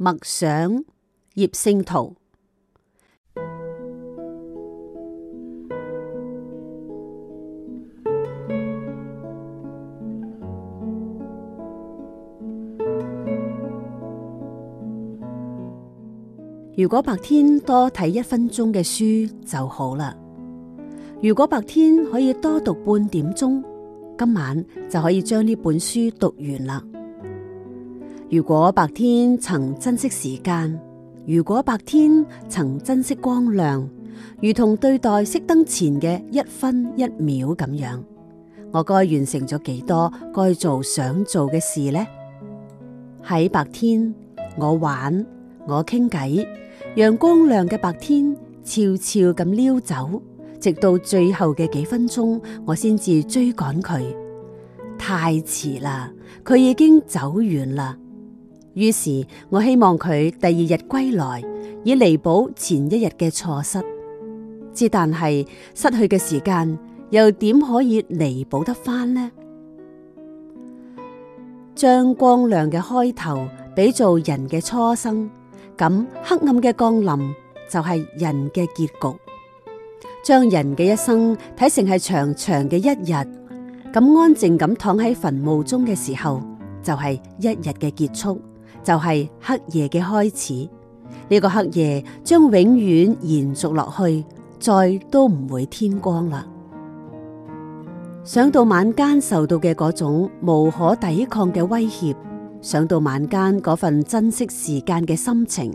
默想葉聖陶。如果白天多睇一分鐘嘅書就好啦。如果白天可以多讀半點鐘，今晚就可以將呢本書讀完啦。如果白天曾珍惜時間，如果白天曾珍惜光亮，如同對待熄燈前嘅一分一秒咁樣，我該完成咗幾多該做想做嘅事呢？喺白天我玩我傾偈，讓光亮嘅白天悄悄咁溜走，直到最後嘅幾分鐘，我先至追趕佢，太遲啦，佢已經走遠啦。於是我希望佢第二日歸來，以彌補前一日嘅錯失。之但係失去嘅時間又點可以彌補得翻呢？將光亮嘅開頭比做人嘅初生，咁黑暗嘅降臨就係人嘅結局。將人嘅一生睇成係長長嘅一日，咁安靜咁躺喺墳墓中嘅時候，就係一日嘅結束。就係黑夜嘅開始，呢個黑夜將永遠延續落去，再都唔會天光啦。想到晚間受到嘅嗰種無可抵抗嘅威脅，想到晚間嗰份珍惜時間嘅心情，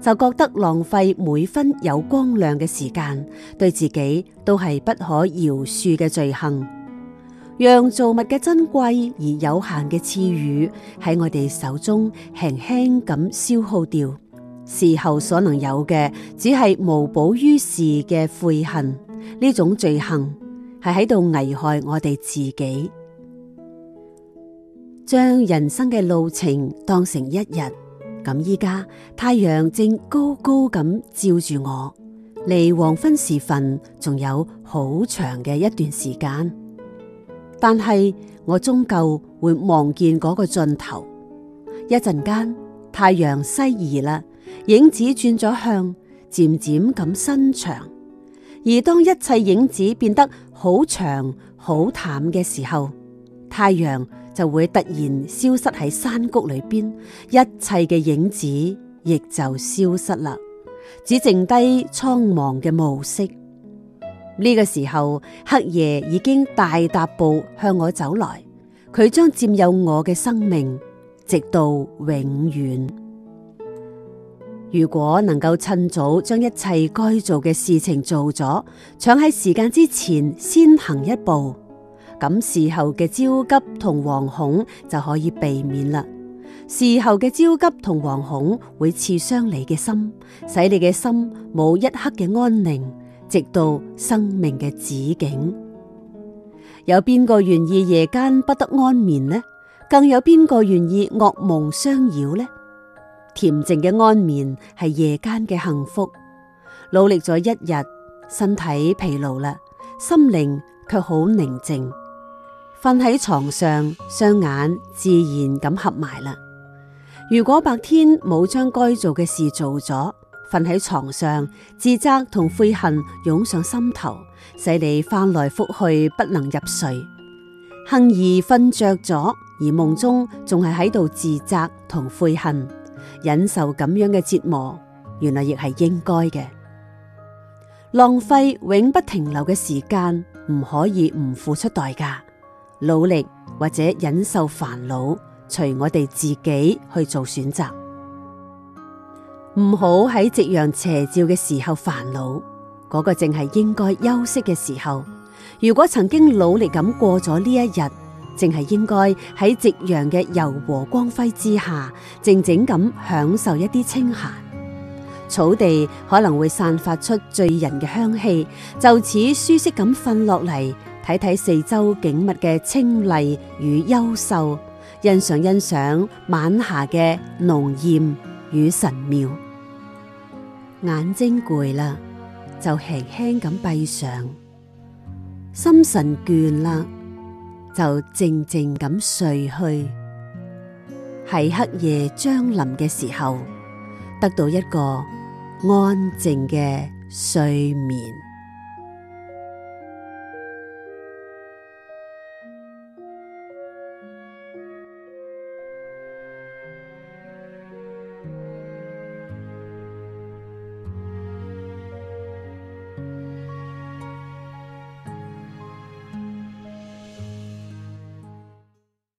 就覺得浪費每分有光亮嘅時間，對自己都係不可饒恕嘅罪行。讓造物嘅珍貴而有限嘅賜予喺我哋手中輕輕咁消耗掉，事後所能有嘅只係無補於事嘅悔恨。呢種罪行係喺度危害我哋自己，將人生嘅路程當成一日。咁依家太陽正高高咁照住我，離黃昏時分仲有好長嘅一段時間。但係我終究會望見嗰個盡頭。一陣間太陽西移啦，影子轉咗向，漸漸咁伸長。而當一切影子變得好長好淡嘅時候，太陽就會突然消失喺山谷裏邊，一切嘅影子亦就消失啦，只剩低蒼茫嘅暮色。呢個時候，黑夜已經大踏步向我走來。佢將佔有我嘅生命，直到永遠。如果能夠趁早將一切該做嘅事情做咗，搶喺時間之前先行一步，咁事後嘅焦急同惶恐就可以避免啦。事後嘅焦急同惶恐會刺傷你嘅心，使你嘅心冇一刻嘅安寧。直到生命嘅止境，有邊個願意夜間不得安眠呢？更有邊個願意噩夢相擾呢？恬靜嘅安眠係夜間嘅幸福。努力咗一日，身體疲勞啦，心靈卻好寧靜，瞓喺床上，雙眼自然咁合埋啦。如果白天冇將該做嘅事做咗。瞓喺床上，自責同悔恨湧上心頭，使你翻來覆去不能入睡。幸而瞓着咗，而夢中仲係喺度自責同悔恨，忍受咁樣嘅折磨，原來亦係應該嘅。浪費永不停留嘅時間，唔可以唔付出代價。努力或者忍受煩惱，隨我哋自己去做選擇。唔好喺夕陽斜照嘅時候煩惱，嗰個正係應該休息嘅時候。如果曾經努力咁過咗呢一日，正係應該喺夕陽嘅柔和光輝之下，靜靜咁享受一啲清閒。草地可能會散發出醉人嘅香氣，就此舒適咁瞓落嚟，睇睇四周景物嘅清麗與幽秀，欣賞欣賞晚霞嘅濃艷。與神廟，眼睛攰啦，就輕輕咁閉上；心神倦啦，就靜靜咁睡去。喺黑夜將臨嘅時候，得到一個安靜嘅睡眠。